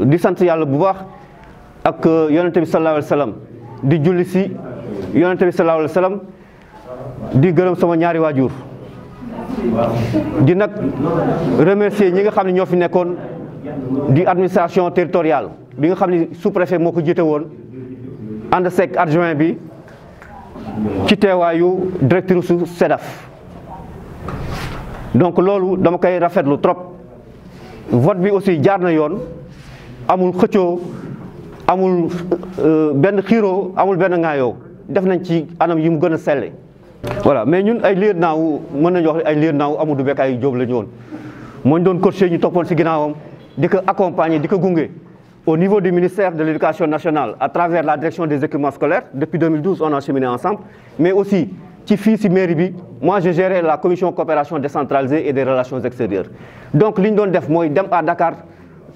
di sant yàlla bu baax ak yonente bi sallallahu alayhi wasallam di julli si yonente bi sallallahu alayhi wasallam di gërëm sama ñaari waajur di nag remercier ñi nga xam ne ñoo di administration territoriale bi nga xam ne sous-préfet moo ko jiite woon sec adjoint bi ci teewaayu directeur SEDAF donc loolu dama koy rafetlu trop vote bi aussi jaar na amul xëccio amul euh, benn xiro amul benn ŋaayoo def nañ ci anam yi mu gëna a voilà mais ñun ay liir naaw mën nañu wax ay liir naaw Amadou Bekkaay Jóob la ñu woon moo doon coaché ñu toppoon ci ginaawam di ko accompagner di ko au niveau du ministère de l'éducation nationale à travers la direction des équipements scolaires depuis 2012 on a cheminé ensemble mais aussi ci fi ci mairie bi moi je gérais la commission coopération décentralisée et des relations extérieures donc li ñu doon def moy dem à Dakar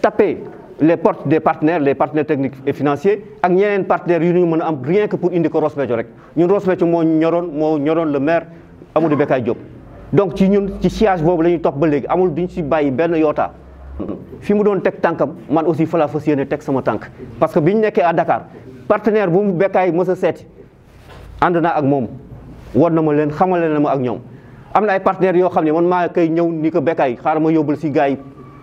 taper les portes des partenaires les partenaires techniques et financiers ak ñeneen partenaires yu ñu mën am rien que pour indi ko Ross Béthio rek ñun Ross Béthio moo ñoroon moo le maire Amadou Bekay Diop donc ci ñun ci siège boobu la ñuy topp ba léegi amul duñ si bàyyi benn yoota fi mu doon teg tànkam man aussi fa laa fas yéene teg sama tànk parce que bi ñu à Dakar partenaire bu mu Bekay mës a seeti ànd naa ak moom won na ma leen xamale na ma ak ñoom am na ay partenaires yoo xam man maa koy ñëw ni ko Bekay xaaral ma yóbbul si gars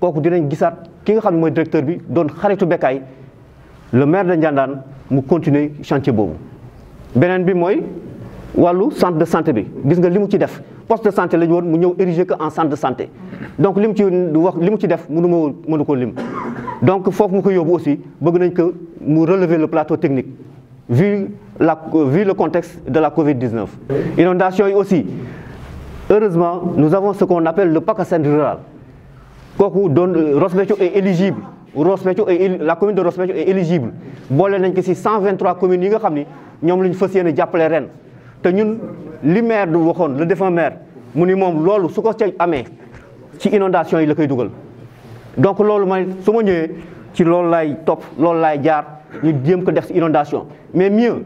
kooku dinañ gisaat ki nga xamni moy directeur bi doon xaritu Bécaye le maire de Ndiandane mu continuer chantier bobu benen bi moy walu centre de santé bi gis nga limu ci def poste de santé lañ won mu ñëw ériger que en centre de santé donc limu ci wax li ci def mënu mënu ko lim donc fofu mu ko yóbbu aussi bëgg nañ que mu relever le plateau technique vu la vu le contexte de la Covid-19 inondation yi aussi heureusement nous avons ce qu'on appelle le PACASEN rural kooku doon euh, ross est éligible Ross-Béthio est la commune de ross est éligible boole nañ ko si 123 communes yi nga xam ni ñoom la ñu fas yéene jàppale ren te ñun li maire du waxoon le défunt maire mu ni moom loolu su ko ca amee ci inondation yi la koy dugal donc loolu man su ma ñëwee ci loolu laay topp loolu laay jaar ñu jéem ko def si inondation mais mieux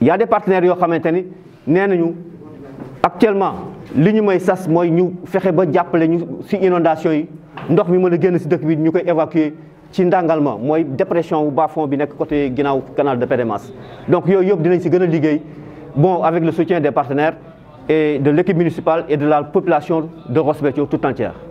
il y a des partenaires yoo xamante ni nee nañu actuellement li may sas moy ñu fexé ba jappalé ñu ci inondation yi ndox mi mëna gën ci dëkk bi ñu évacuer ci Ndangalma moy dépression bu bas fond bi nekk côté ginaaw canal de Pédémas donc yoy yop dinañ ci gëna a liggéey bon avec le soutien des partenaires et de l'équipe municipale et de la population de Ross tout entière